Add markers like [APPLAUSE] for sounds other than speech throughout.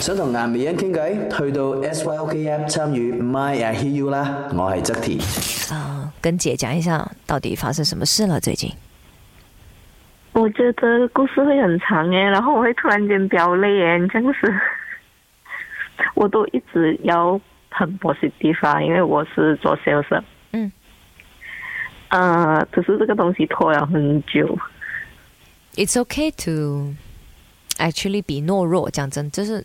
想同南美人傾偈，去到 SYOKA 參與 My I Hear You 啦，我係則田。啊、呃，跟姐講一下到底發生什麼事了？最近我覺得故事會很長誒，然後我會突然間飆淚誒，真是。我都一直要很多些地方，因為我是做銷售 s a 嗯。啊、呃，只是這個東西拖了很久。It's okay to actually be 懦弱。講真，就是。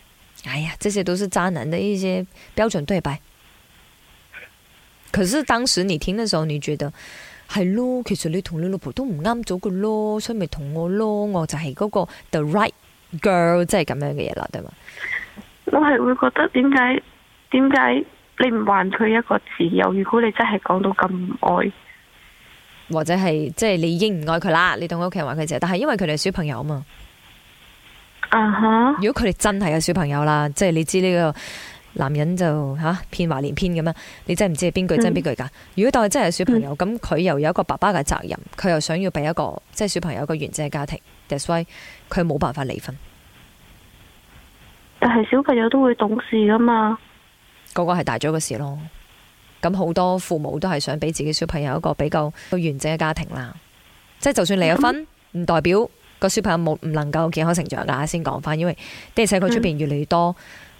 哎呀，這些都是渣男的一些標準對白。可是當時你聽的時候，你覺得，係咯，其實你同你老婆都唔啱咗嘅咯，所以咪同我咯，我就係嗰個 the right girl，即係咁樣嘅嘢啦，對嗎？我係會覺得點解？點解你唔還佢一個自由？如果你真係講到咁唔愛，或者係即係你已經唔愛佢啦，你同屋企人話佢啫。但係因為佢哋係小朋友嘛。啊，如果佢哋真係有小朋友啦，即係你知呢個男人就吓騙、啊、話連篇咁啊！你真係唔知係邊句真邊句噶。嗯、如果當佢真係有小朋友，咁佢、嗯、又有一個爸爸嘅責任，佢又想要俾一個即係小朋友一個完整嘅家庭。That's why 佢冇辦法離婚。但係小朋友都會懂事噶嘛？個是大了個係大咗嘅事咯。咁好多父母都係想俾自己小朋友一個比較完整嘅家庭啦。即係就算離咗婚，唔代表。嗯個小朋友冇唔能夠健康成長噶。先講翻，因為即係佢出邊越嚟越多，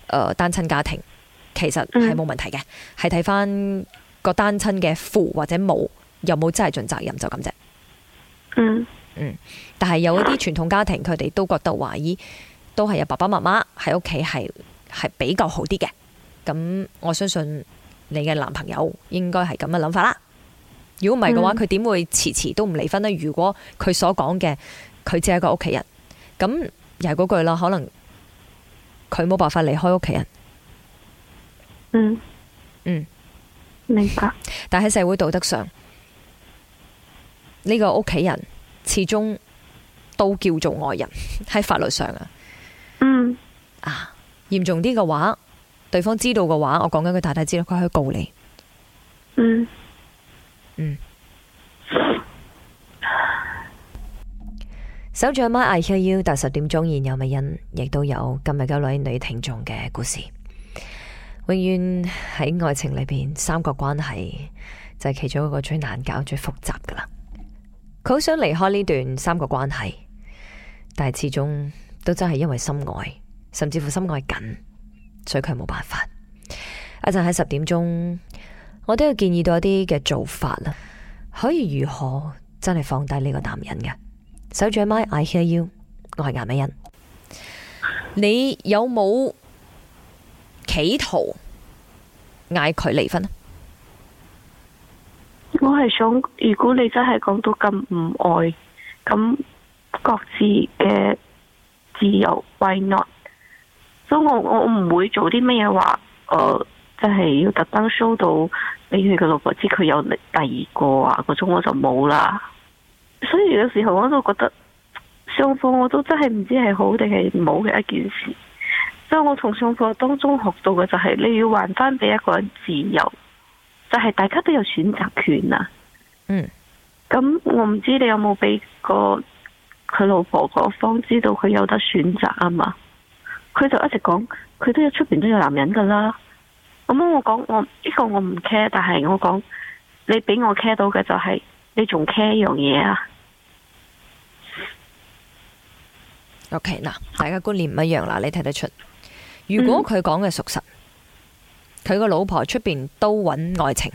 誒單親家庭，嗯、其實係冇問題嘅，係睇翻個單親嘅父或者母有冇真係盡責任就咁啫。嗯嗯，但係有一啲傳統家庭，佢哋都覺得話，咦，都係有爸爸媽媽喺屋企係係比較好啲嘅。咁我相信你嘅男朋友應該係咁嘅諗法啦。如果唔係嘅話，佢點會遲遲都唔離婚呢？如果佢所講嘅。佢只係一個屋企人，咁又係嗰句啦。可能佢冇辦法離開屋企人。嗯，嗯，明白。但喺社會道德上，呢個屋企人始終都叫做外人。喺法律上、嗯、啊，嗯，啊，嚴重啲嘅話，對方知道嘅話，我講緊佢太太知道，佢可以告你。嗯，嗯。守住阿 y i k u，但十點鐘現有美人，亦都有今日嘅女女聽眾嘅故事。永遠喺愛情裏邊，三角關係就係其中一個最難搞、最複雜噶啦。佢好想離開呢段三角關係，但係始終都真係因為心愛，甚至乎心愛緊，所以佢冇辦法。一陣喺十點鐘，我都要建議多啲嘅做法啦，可以如何真係放低呢個男人嘅。首長咪，I hear you，我係牙美人。你有冇企圖嗌佢離婚啊？我係想，如果你真係講到咁唔愛，咁各自嘅自由，why not？所、so，以我我唔會做啲乜嘢話，誒，即、呃、係要特登 show 到俾佢個老婆知佢有第二個啊，那個種我就冇啦。所以有時候我都覺得上課我都真係唔知係好定係冇嘅一件事。所以我從上課當中學到嘅就係你要還翻俾一個人自由，就係大家都有選擇權啊。嗯。咁我唔知你有冇俾個佢老婆嗰方知道佢有得選擇啊嘛？佢就一直講，佢都有出邊都有男人噶啦。咁我講我呢個我唔 care，但係我講你俾我 care 到嘅就係你仲 care 一樣嘢啊。OK 嗱，大家觀念唔一樣啦，你睇得出。如果佢講嘅屬實，佢個、嗯、老婆出邊都揾愛情，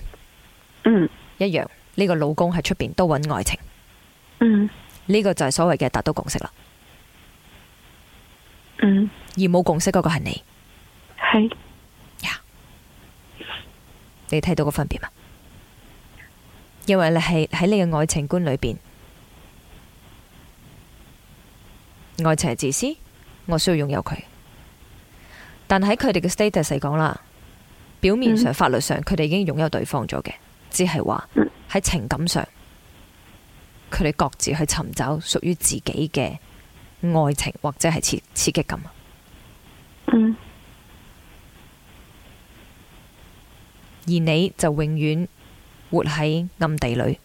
嗯，一樣。呢、這個老公喺出邊都揾愛情，嗯，呢個就係所謂嘅達到共識啦，嗯。而冇共識嗰個係你，係呀的，yeah. 你睇到個分別嗎？因為你係喺你嘅愛情觀裏邊。愛情係自私，我需要擁有佢。但喺佢哋嘅 status 嚟講啦，表面上，mm. 法律上，佢哋已經擁有對方咗嘅，只係話喺情感上，佢哋各自去尋找屬於自己嘅愛情或者係刺刺激感。Mm. 而你就永遠活喺暗地裏。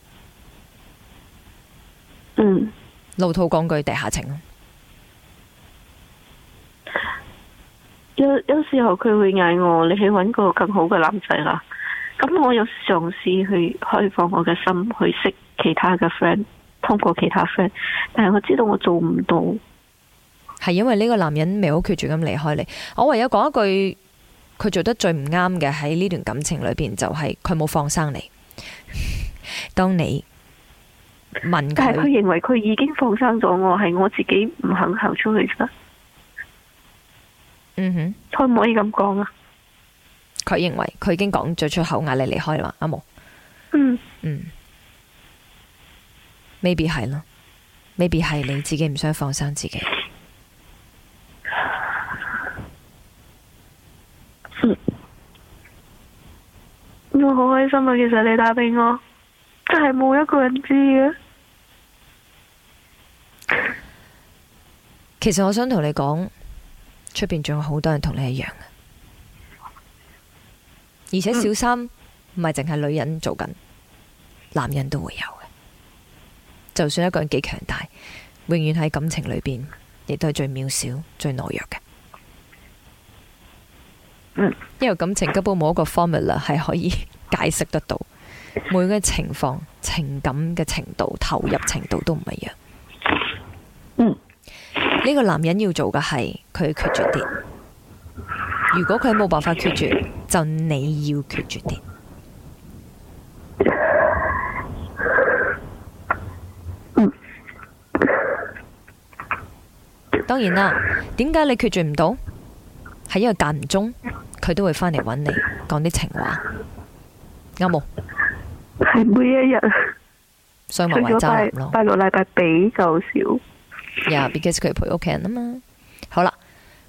嗯。Mm. 老套講句，地下情。有有時候佢會嗌我，你去搵個更好嘅男仔啦。咁我有嘗試去開放我嘅心，去識其他嘅 friend，通過其他 friend。但係我知道我做唔到，係因為呢個男人未好決絕咁離開你。我唯有講一句，佢做得最唔啱嘅喺呢段感情裏邊，就係佢冇放生你。當你問佢，但係佢認為佢已經放生咗我，係我自己唔肯行出去。嗯哼，可唔可以咁講啊？佢認為佢已經講咗出口壓離，壓力離開啦，阿毛、嗯嗯。嗯嗯，maybe 係咯，maybe 係你自己唔想放生自己。嗯，我好開心啊！其實你打俾我，真係冇一個人知嘅。其實我想同你講。出邊仲有好多人同你一樣，而且小三唔係淨係女人做緊，男人都會有嘅。就算一個人幾強大，永遠喺感情裏邊，亦都係最渺小、最懦弱嘅。嗯，因為感情根本冇一個 formula 係可以解釋得到，每個情況、情感嘅程度、投入程度都唔一樣。嗯呢個男人要做嘅係佢決絕啲，如果佢冇辦法決絕，就你要決絕啲。嗯。當然啦，點解你決絕唔到？係因為間唔中，佢都會返嚟揾你講啲情話。啱冇？係，每一日上埋埋渣咯，拜六禮拜比較少。呀、yeah，because 佢陪屋企人啊嘛。好啦，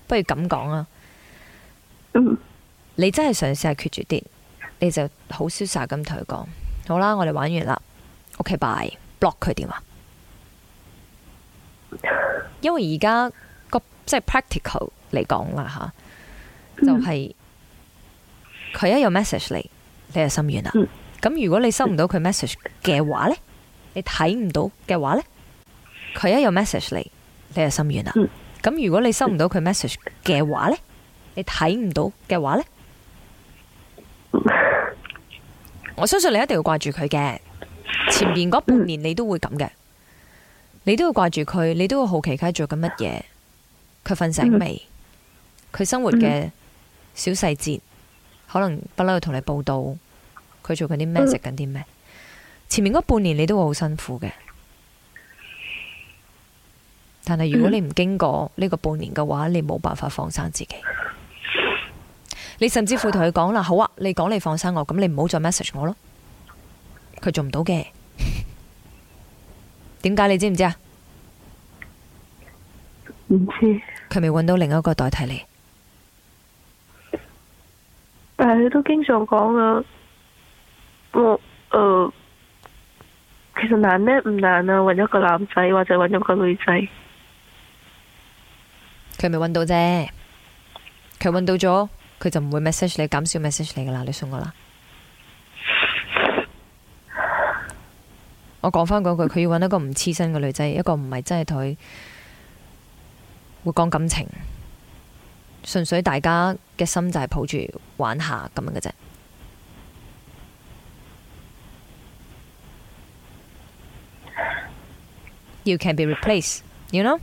不如咁講啊。你真係嘗試下決絕啲，你就好瀟灑咁同佢講。好啦，我哋玩完啦。OK，bye、okay。block 佢電話？因為而家個即係 practical 嚟講啦吓，就係、是、佢、mm hmm. 一有 message 嚟，你就心軟啦。咁、mm hmm. 如果你收唔到佢 message 嘅話咧，你睇唔到嘅話咧？佢一有 message 嚟，你就心軟啦。咁、嗯、如果你收唔到佢 message 嘅話呢，你睇唔到嘅話呢？嗯、我相信你一定要掛住佢嘅。前面嗰半年你都會咁嘅，你都會掛住佢，你都會好奇佢做緊乜嘢，佢瞓醒未？佢、嗯、生活嘅小細節，嗯、可能不嬲要同你報道。佢做緊啲咩？食緊啲咩？前面嗰半年你都會好辛苦嘅。但係如果你唔經過呢個半年嘅話，你冇辦法放生自己。你甚至乎同佢講啦，好啊，你講你放生我，咁你唔好再 message 我咯。佢做唔到嘅，點解你知唔知啊？唔知。佢未揾到另一個代替你，但係佢都經常講啊，我、呃、其實難咧唔難啊，揾咗個男仔或者揾咗個女仔。佢咪揾到啫，佢揾到咗，佢就唔會 message 你，減少 message 你噶啦，你信我啦。我講翻句，佢要揾一個唔黐身嘅女仔，一個唔係真係同佢會講感情，純粹大家嘅心就係抱住玩下咁樣嘅啫。You can be replaced, you know.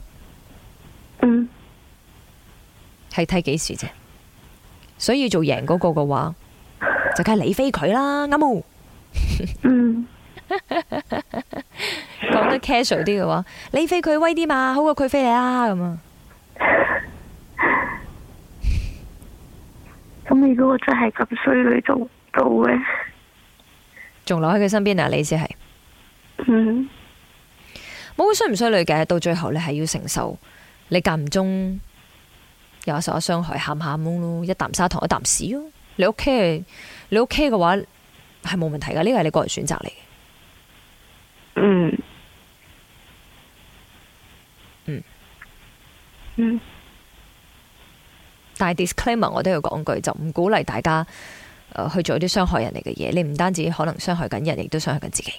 係睇幾時啫，所以做贏嗰個嘅話，就梗係你飛佢啦，啱、啊、冇？啊、 [LAUGHS] 嗯，講 [LAUGHS] 得 casual 啲嘅話，你飛佢威啲嘛，好過佢飛你啦，咁啊？咁如果真係咁衰女做到嘅？仲留喺佢身邊啊？你意思係？嗯，冇衰唔衰女嘅，到最後你係要承受你間唔中。有受一傷害喊喊，懵咯，一啖沙糖一啖屎咯。你 OK，你 OK 嘅話係冇問題噶，呢個係你個人選擇嚟。嗯，嗯，嗯。但係 Disclaimer，我都要講句，就唔鼓勵大家，呃、去做啲傷害人哋嘅嘢。你唔單止可能傷害緊人，亦都傷害緊自己。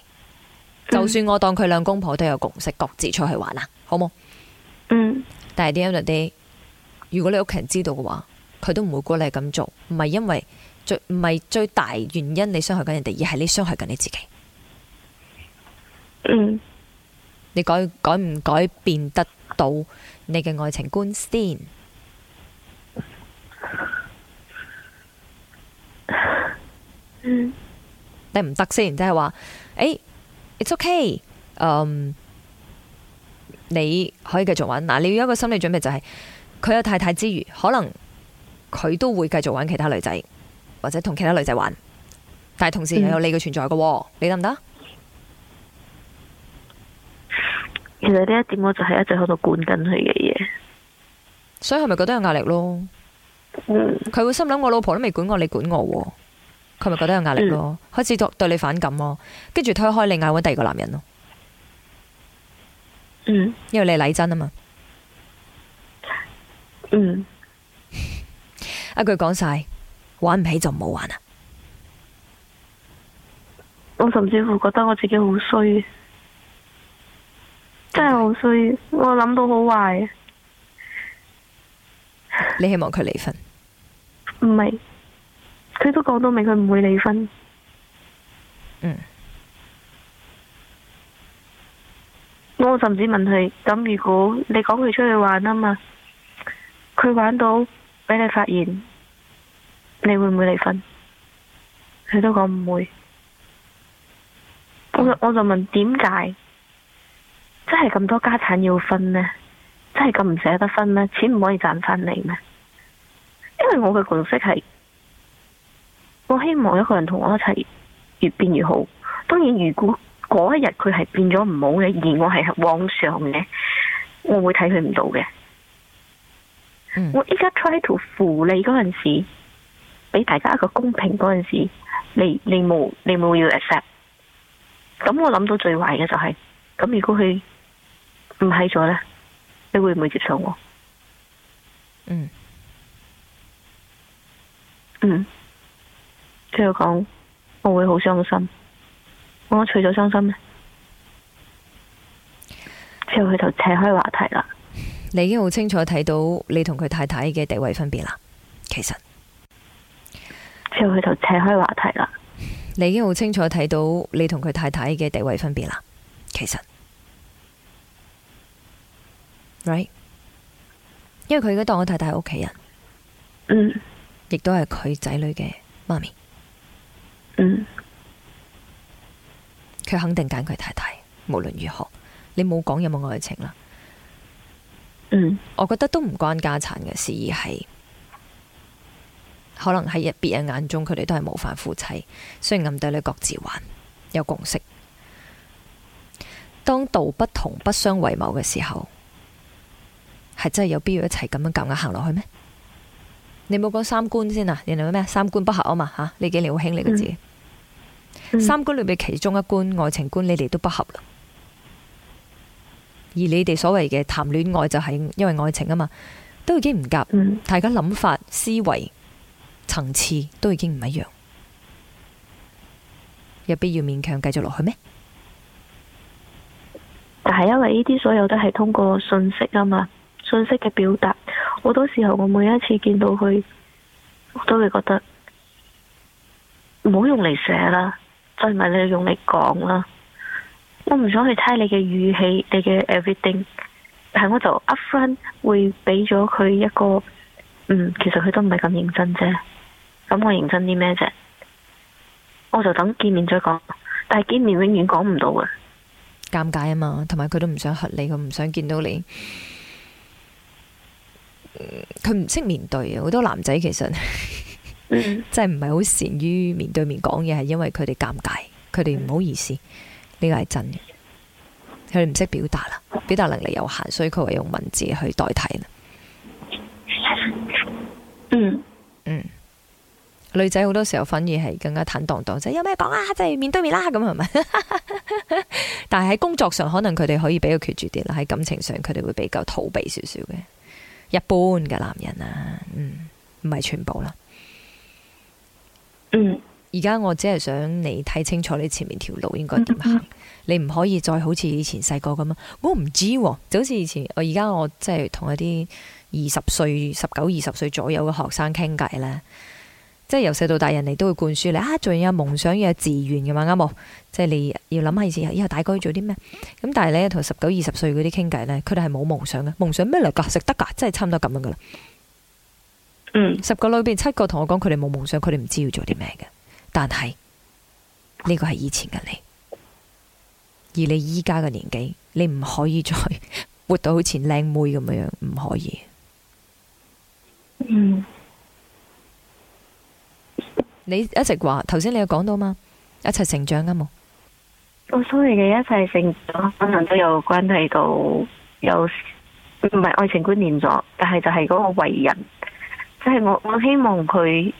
就算我當佢兩公婆都有共識，各自出去玩啦，好冇？嗯。但係啲咁如果你屋企人知道嘅話，佢都唔會過你咁做，唔係因為最唔係最大原因你傷害緊人哋，而係你傷害緊你自己。嗯，你改改唔改變得到你嘅愛情觀先？嗯，就是欸、okay，嗯，你唔得先，即係話，誒，it's okay，嗯，你可以繼續玩。嗱，你要有一個心理準備就係。佢有太太之餘，可能佢都會繼續搵其他女仔，或者同其他女仔玩。但係同時又有你嘅存在嘅，嗯、你得唔得？其實呢一點我就係一直喺度管緊佢嘅嘢，所以係咪覺得有壓力咯？佢、嗯、會心諗我老婆都未管我，你管我，佢咪覺得有壓力咯？嗯、開始對你反感咯，跟住推開你，嗌搵第二個男人咯。嗯。因為你係禮真啊嘛。嗯，一句講晒，玩唔起就唔好玩啦。我甚至乎覺得我自己好衰，真係好衰。我諗到好壞。你希望佢離婚？唔係， [LAUGHS] 佢都講到明，佢唔會離婚。嗯，我甚至問佢：，咁如果你講佢出去玩啊嘛？佢玩到畀你發現，你會唔會離婚？佢都講唔會。我就，我就問點解？真係咁多家產要分呢？真係咁唔捨得分呢？錢唔可以賺翻嚟咩？因為我嘅共識係，我希望一個人同我一齊越變越好。當然，如果嗰一日佢係變咗唔好嘅，而我係往上嘅，我會睇佢唔到嘅。我依家 try to 扶你嗰陣時，俾大家一個公平嗰陣時，你你冇你冇要 accept。咁我諗到最壞嘅就係、是，咁如果佢唔喺咗咧，你會唔會接受我？嗯嗯，佢又講我會好傷心，我除咗傷心咧，之後佢就扯開話題啦。你已經好清楚睇到你同佢太太嘅地位分別啦，其實，就去到扯開話題啦。你已經好清楚睇到你同佢太太嘅地位分別啦，其實，right，因為佢而家當我太太係屋企人，嗯，媽媽，亦都係佢仔女嘅媽咪，嗯，佢肯定揀佢太太，無論如何，你冇講有冇愛情啦。嗯，我覺得都唔關家產嘅事，而係可能喺一別人眼中，佢哋都係模範夫妻。雖然暗地你各自玩，有共識。當道不同，不相為謀嘅時候，係真係有必要一齊咁樣夾硬行落去咩？你冇講三觀先啊？人哋咩三觀不合啊嘛？吓、啊，呢幾年好興呢個字，嗯嗯、三觀裏邊其中一觀愛情觀，你哋都不合。而你哋所謂嘅談戀愛就係因為愛情啊嘛，都已經唔夾，嗯、大家諗法、思維、層次都已經唔一樣，有必要勉強繼續落去咩？但係因為呢啲所有都係通過信息啊嘛，信息嘅表達，好多時候我每一次見到佢，我都會覺得唔好用嚟寫啦，再唔係你用嚟講啦。我唔想去猜你嘅語氣，你嘅 everything，但係我就一 friend 會俾咗佢一個，嗯，其實佢都唔係咁認真啫。咁我認真啲咩啫？我就等見面再講，但係見面永遠講唔到啊。尷尬啊嘛。同埋佢都唔想嚇你，佢唔想見到你，佢唔識面對啊。好多男仔其實，嗯， [LAUGHS] 即係唔係好善於面對面講嘢，係因為佢哋尷尬，佢哋唔好意思。嗯呢個係真嘅，佢哋唔識表達啦，表達能力有限，所以佢會用文字去代替啦。嗯、mm. 嗯，女仔好多時候反而係更加坦蕩蕩，即、就是、有咩講啊，即、就、係、是、面對面啦，咁係咪？ [LAUGHS] 但係喺工作上可能佢哋可以比較決絕啲啦，喺感情上佢哋會比較逃避少少嘅。一般嘅男人啊，嗯，唔係全部啦。嗯。Mm. 而家我只係想你睇清楚你前面條路應該點行，你唔可以再好似以前細個咁樣。我唔知，就好似以前我而家我即係同一啲二十歲、十九、二十歲左右嘅學生傾偈咧，即係由細到大人哋都會灌輸你啊，仲有夢想嘅志願嘅嘛啱冇？即係你要諗下以前以後大概要做啲咩？咁但係咧同十九、二十歲嗰啲傾偈咧，佢哋係冇夢想嘅，夢想咩嚟噶？食得噶？真係差唔多咁樣噶啦。嗯，十個裏邊七個同我講佢哋冇夢想，佢哋唔知要做啲咩嘅。但係呢個係以前嘅你，而你依家嘅年紀，你唔可以再活到好似前靚妹咁樣樣，唔可以。嗯，你一直話頭先，才你有講到嘛？一齊成長啊？嘛。我所以嘅一切成長可能都有關係到有，有唔係愛情觀念咗，但係就係嗰個為人，即係我我希望佢。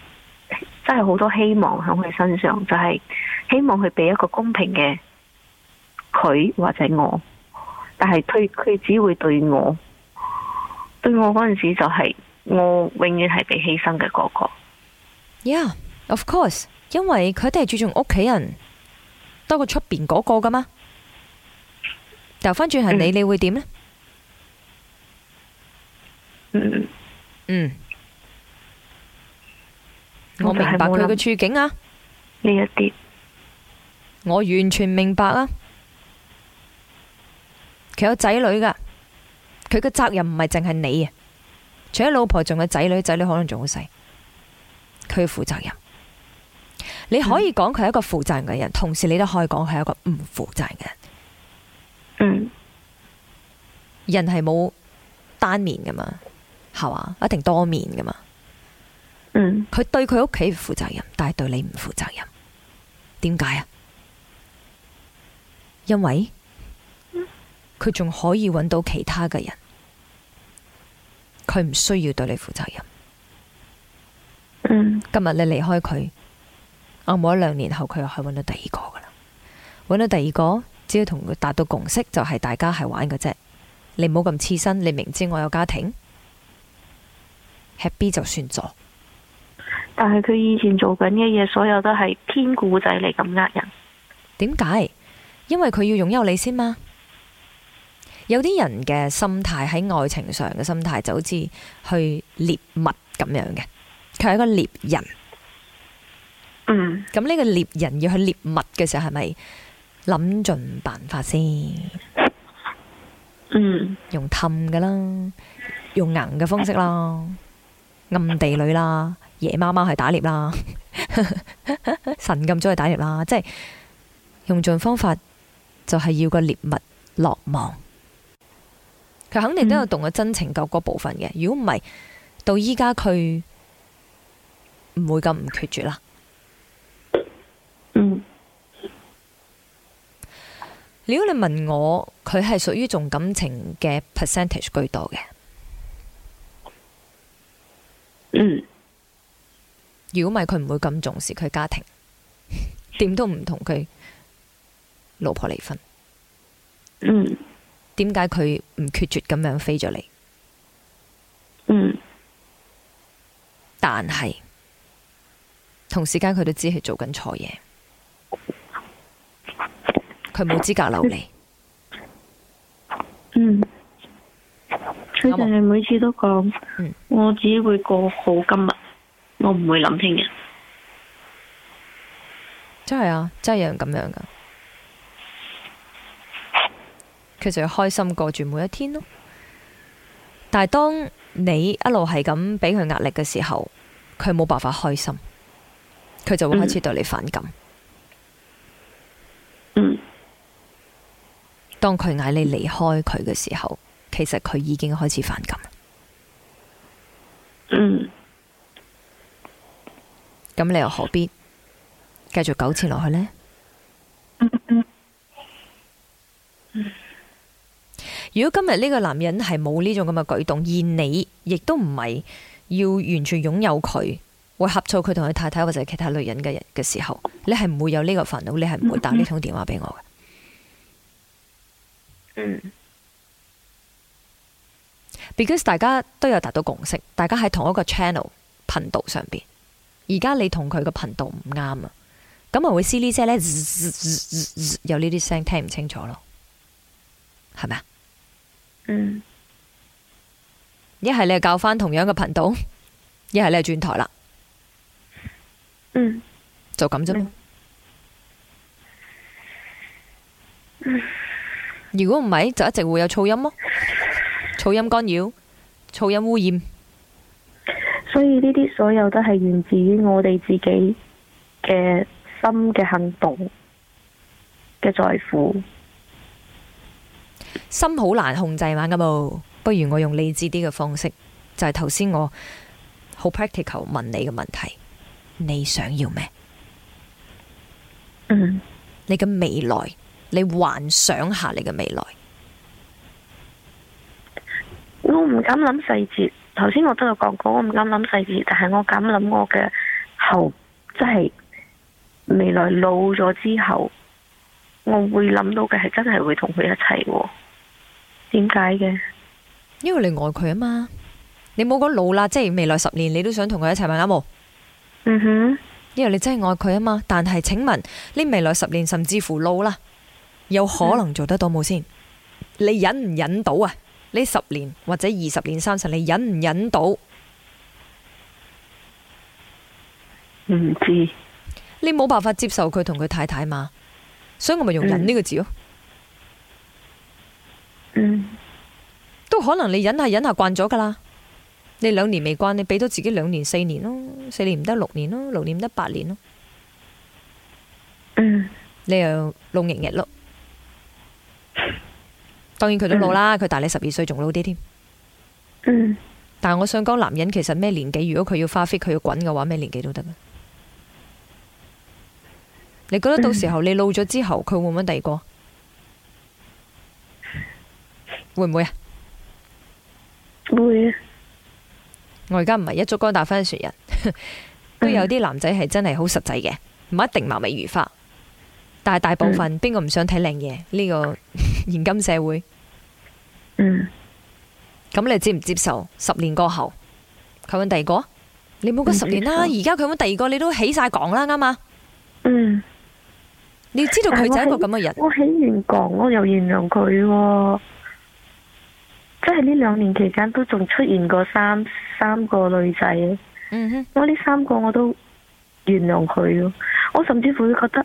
真係好多希望喺佢身上，就係、是、希望佢俾一個公平嘅佢或者我，但係佢佢只會對我，對我嗰陣時就係我永遠係被犧牲嘅嗰、那個。Yeah, of course，因為佢哋係注重屋企人多過出邊嗰個噶嘛。調返轉係你，嗯、你會點呢？嗯嗯。我明白佢嘅處境啊，呢一啲，我完全明白啊。佢有仔女噶，佢嘅責任唔係淨係你啊。除咗老婆，仲有仔女，仔女可能仲好細，佢負責任。你可以講佢係一個負責任嘅人，嗯、同時你都可以講佢係一個唔負責任嘅人。嗯，人係冇單面噶嘛，係嘛，一定多面噶嘛。佢對佢屋企負責任，但係對你唔負責任。點解啊？因為佢仲可以揾到其他嘅人，佢唔需要對你負責任。嗯，今日你離開佢，我冇一兩年後佢又可以揾到第二個噶啦，揾到第二個只要同佢達到共識就係、是、大家係玩嘅啫。你唔好咁刺身，你明知我有家庭，happy 就算咗。但係佢以前做緊嘅嘢，所有都係編故仔嚟，咁呃人。點解？因為佢要擁有你先嘛。有啲人嘅心態，喺愛情上嘅心態，就好似去獵物咁樣嘅，佢係一個獵人。嗯。咁呢個獵人要去獵物嘅時候，係咪諗盡辦法先？嗯，用氹㗎啦，用硬嘅方式啦，暗地裏啦。野貓貓去打獵啦，呵呵神咁早去打獵啦，即係用盡方法，就係要個獵物落網。佢肯定都有動個真情救國部分嘅，如果唔係，到依家佢唔會咁唔決絕啦。嗯。如果你問我，佢係屬於重感情嘅 percentage 居多嘅，嗯。如果唔係佢唔會咁重視佢家庭，點都唔同佢老婆離婚。嗯，點解佢唔決絕咁樣飛咗嚟？嗯，但係，同時間佢都知係做緊錯嘢，佢冇資格留嚟。嗯，佢就係每次都講，嗯、我只會過好今日。我唔會諗聽嘅，真係啊，真係有人咁樣噶。佢就要開心過住每一天咯。但係當你一路係咁俾佢壓力嘅時候，佢冇辦法開心，佢就會開始對你反感。嗯。嗯。當佢嗌你離開佢嘅時候，其實佢已經開始反感。咁你又何必繼續糾纏落去呢？如果今日呢個男人係冇呢種咁嘅舉動，而你亦都唔係要完全擁有佢，會呷醋佢同佢太太或者係其他女人嘅人嘅時候，你係唔會有呢個煩惱，你係唔會打呢通電話俾我嘅。嗯，because 大家都有達到共識，大家喺同一個 channel 頻道，道上邊。而家你同佢個頻道唔啱啊，咁咪會撕呢聲咧，有呢啲聲聽唔清楚咯，係咪啊？嗯。一係你教翻同樣嘅頻道，一係你轉台啦。嗯就。就咁啫，如果唔係，就一直會有噪音咯、哦，噪音干擾，噪音污染。所以呢啲所有都係源自於我哋自己嘅心嘅行動嘅在乎，心好難控制嘛，咁不如我用理智啲嘅方式，就係頭先我好 practical 問你嘅問題，你想要咩？嗯，你嘅未來，你幻想下你嘅未來，我唔敢諗細節。頭先我都有講過，我唔敢諗細節，但係我敢諗我嘅後，即係未來老咗之後，我會諗到嘅係真係會同佢一齊。點解嘅？因為你愛佢啊嘛，你冇講老啦，即係未來十年你都想同佢一齊嘛，啱冇？嗯哼，mm hmm. 因為你真係愛佢啊嘛。但係請問你未來十年甚至乎老啦，有可能做得到冇先、mm hmm.？你忍唔忍到啊？呢十年或者二十年、三十年，你忍唔忍到？唔知。嗯。你冇辦法接受佢同佢太太嘛？所以我咪用忍呢個字咯。嗯嗯。都可能你忍下忍下慣咗噶啦。你兩年未慣，你俾咗自己兩年，年、四年咯，四年唔得六年咯，六年唔得八年咯。嗯，嗯。你又六年日咯。當然佢都老啦，佢大你十二歲仲老啲添。但係我想講，男人其實咩年紀，如果佢要花 f 佢要滾嘅話，咩年紀都得。你覺得到時候你老咗之後，佢會唔會第二個？會唔會啊？會啊。我而家唔係一足竿打翻船人， [LAUGHS] 都有啲男仔係真係好實際嘅，唔一定貌美如花。但係大部分邊個唔想睇靚嘢呢個現今社會？嗯，咁你接唔接受十年過後？佢揾第二個，你冇講十年啦，而家佢揾第二個，你都起晒講啦，啱嘛？嗯，你知道佢就係一個咁嘅人。我起完講，我又原諒佢喎，即係呢兩年期間都仲出現過三三個女仔。嗯哼，我呢三個我都原諒佢喎，我甚至會覺得。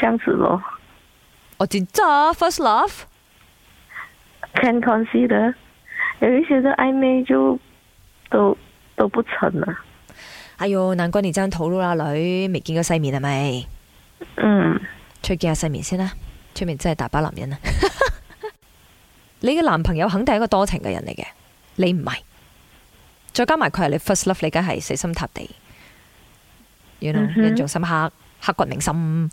咁樣子囉，我知咋，first love can consider，有一些的曖昧就都都不成啊。哎喲，難怪你真係土佬阿女，未見過世面係咪？嗯，出去見下世面先啦，出面真係大把男人啊！ [LAUGHS] 你嘅男朋友肯定係一個多情嘅人嚟嘅，你唔係，再加埋佢係你 first love，你梗係死心塌地，you know，、嗯、哼 印象深刻，刻骨銘心。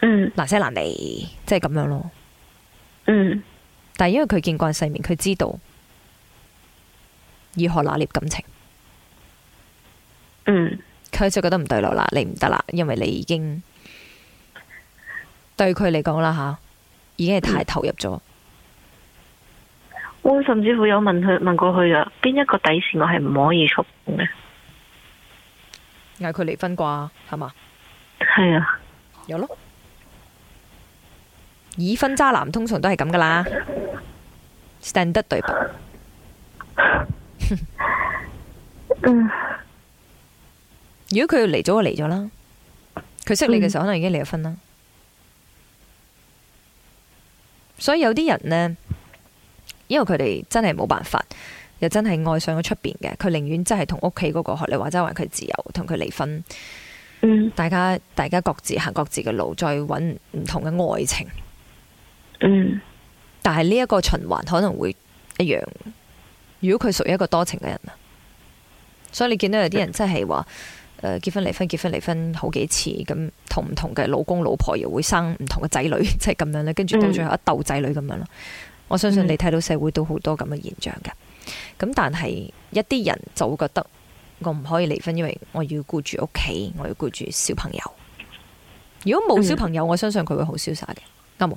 嗯，嗱，西蘭你，即係咁樣咯。嗯，但係因為佢見慣世面，佢知道如何拿捏感情。嗯，佢就覺得唔對路啦，你唔得啦，因為你已經對佢嚟講啦吓，已經係太投入咗，嗯。我、哦、甚至乎有問佢，問過佢啊，邊一個底線我係唔可以觸碰嘅？嗌佢離婚啩，係嘛？係是啊，有咯。已婚渣男通常都係咁噶啦，stand 得對不？ [LAUGHS] 嗯、如果佢嚟咗，就嚟咗啦。佢識你嘅時候，可能已經離咗婚啦。嗯、所以有啲人呢，因為佢哋真係冇辦法，又真係愛上咗出邊嘅，佢寧願真係同屋企嗰個學你話齋還佢自由，同佢離婚。嗯、大家大家各自行各自嘅路，再揾唔同嘅愛情。嗯，但係呢一個循環可能會一樣。如果佢屬於一個多情嘅人啊，所以你見到有啲人真係話，誒，結婚離婚結婚離婚好幾次，咁同唔同嘅老公老婆又會生唔同嘅仔女，即係咁樣咧，跟住到最後一竇仔女咁樣咯。我相信你睇到社會都好多咁嘅現象嘅。咁但係一啲人就會覺得我唔可以離婚，因為我要顧住屋企，我要顧住小朋友。如果冇小朋友，我相信佢會好瀟灑嘅。啱。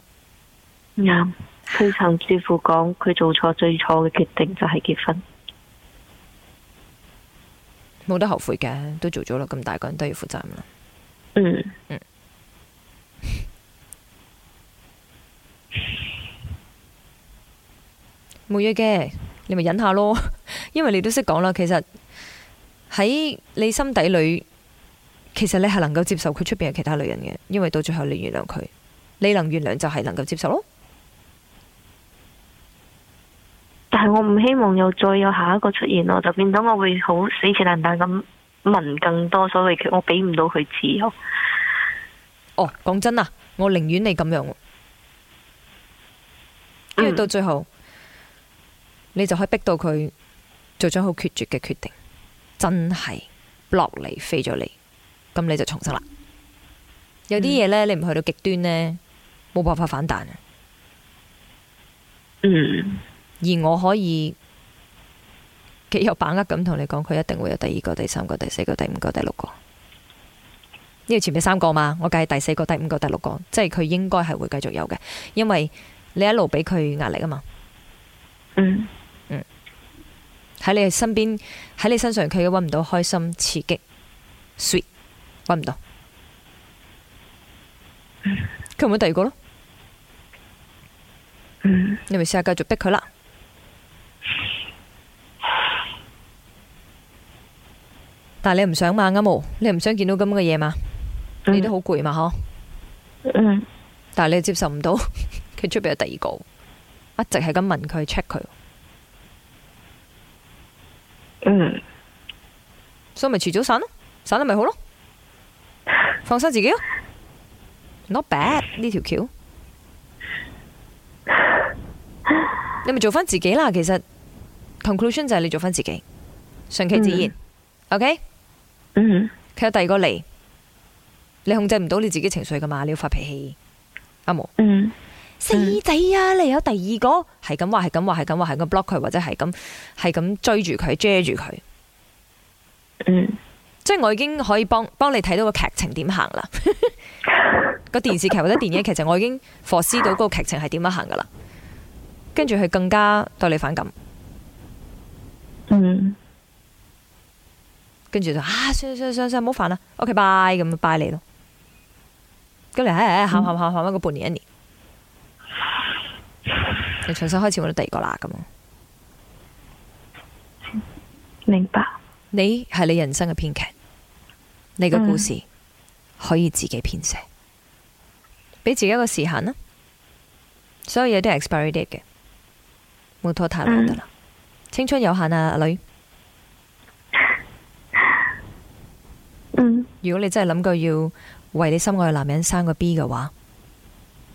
佢甚至乎講佢做錯最錯嘅決定就係結婚，冇得後悔嘅，都做咗啦，咁大個人都要負責任啦。嗯嗯，冇嘢嘅，你咪忍下咯，因為你都識講啦。其實喺你心底裏，其實你係能夠接受佢出邊有其他女人嘅，因為到最後你原諒佢，你能原諒就係能夠接受咯。但係我唔希望又再有下一個出現咯，就變到我會好死纏爛打咁問更多，所以我俾唔到佢自由。哦，講真啊，我寧願你咁樣，因為到最後、嗯、你就可以逼到佢做咗好決絕嘅決定，真係落嚟飛咗你，咁你，你就重生啦。有啲嘢呢，你唔去到極端呢，冇辦法反彈。嗯。而我可以幾有把握咁同你講，佢一定會有第二個、第三個、第四個、第五個、第六個，因為前面三個嘛，我計係第四個、第五個、第六個，即係佢應該係會繼續有嘅，因為你一路俾佢壓力啊嘛。嗯嗯，喺、嗯、你身邊，喺你身上，佢都搵唔到開心刺激，sweet 搵唔到，佢唔會第二個咯。嗯，你咪試下繼續逼佢啦。但係你唔想嘛，阿毛？你唔想見到咁嘅嘢嘛？你都好攰嘛，嗬、mm？Hmm. 但係你接受唔到，佢出邊有第二個，一直係咁問佢 check 佢。嗯。所以咪遲早散咯，散咗咪好咯，放心自己咯，Not bad 呢條橋。 [LAUGHS] 你咪做翻自己啦，其實 conclusion 就係你做翻自己，順其自然，OK？嗯，佢有第二個嚟，你控制唔到你自己情緒噶嘛，你要發脾氣，阿毛，嗯、mm，死、hmm. 仔啊，你有第二個係咁話，係咁話，係咁話，係咁 block 佢，或者係咁係咁追住佢，遮住佢，嗯、mm，hmm. 即係我已經可以幫幫你睇到個劇情點行啦， [LAUGHS] 個電視劇或者電影劇情我已經 force 到個劇情係點樣行噶啦。跟住佢更加對你反感，嗯，跟住就啊，算算算算，唔好煩啦，OK，拜咁樣拜你咯，咁你唉唉喊喊喊喊咗個半年一年，你重新開始搵第二個啦，咁明白。你係你人生嘅編劇，你個故事可以自己編寫，俾自己一個時限啦，所有嘢都係 expiry date 嘅。冇拖太耐得啦，嗯、青春有限啊，阿女。嗯、如果你真係諗過要為你心愛嘅男人生個 B 嘅話，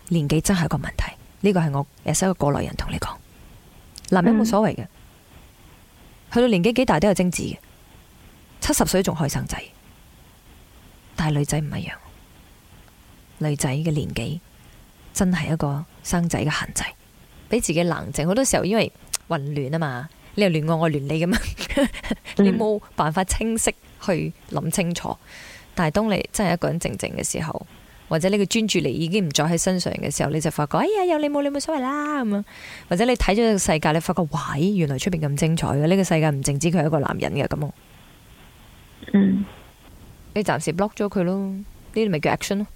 年紀真係個問題。呢個係我也是一個過來人同你講，男人冇所謂嘅，嗯、去到年紀幾大都有精子嘅，七十歲仲可以生仔，但係女仔唔一樣，女仔嘅年紀真係一個生仔嘅限制。俾自己冷靜，好多時候因為混亂啊嘛，你又亂我，我亂你咁樣， [LAUGHS] 你冇辦法清晰去諗清楚。但係當你真係一個人靜靜嘅時候，或者你個專注力已經唔再喺身上嘅時候，你就發覺，哎呀，有你冇你冇所謂啦咁樣。或者你睇咗個世界，你發覺，喂，原來出邊咁精彩嘅，呢、呢個世界唔淨止佢係一個男人嘅咁啊。我嗯，你暫時 lock 咗佢咯，呢啲咪叫 action 咯。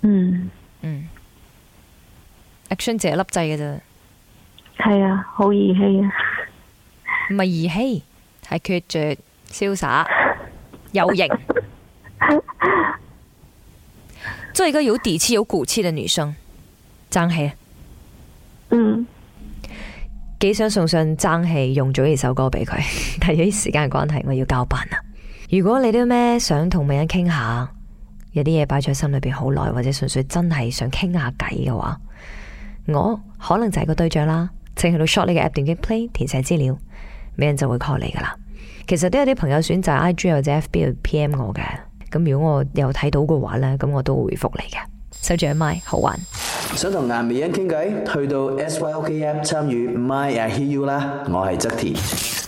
嗯，嗯。action 淨係粒掣嘅啫，係啊，好兒戲啊，唔係兒戲，係決絕、瀟灑、 [LAUGHS] 有型，做一個有底氣、有骨氣嘅女生。爭氣，嗯，幾想送上《爭氣》用咗呢首歌俾佢， [LAUGHS] 但係由於時間嘅關係，我要交班啦。如果你都咩想同某人傾下，有啲嘢擺在心裏邊好耐，或者純粹真係想傾下偈嘅話，我可能就係個對象啦，請去到 SYOK 呢個 app 點擊 play，填寫資料，美人就會 call 你噶啦。其實都有啲朋友選擇 I G 或者 F B 去 P M 我嘅，咁如果我有睇到嘅話呢，咁我都會回覆你嘅。收住 my 好玩，想同顏美恩傾偈，去到 S Y O K app 參與 My I Hear You 啦，我係側田。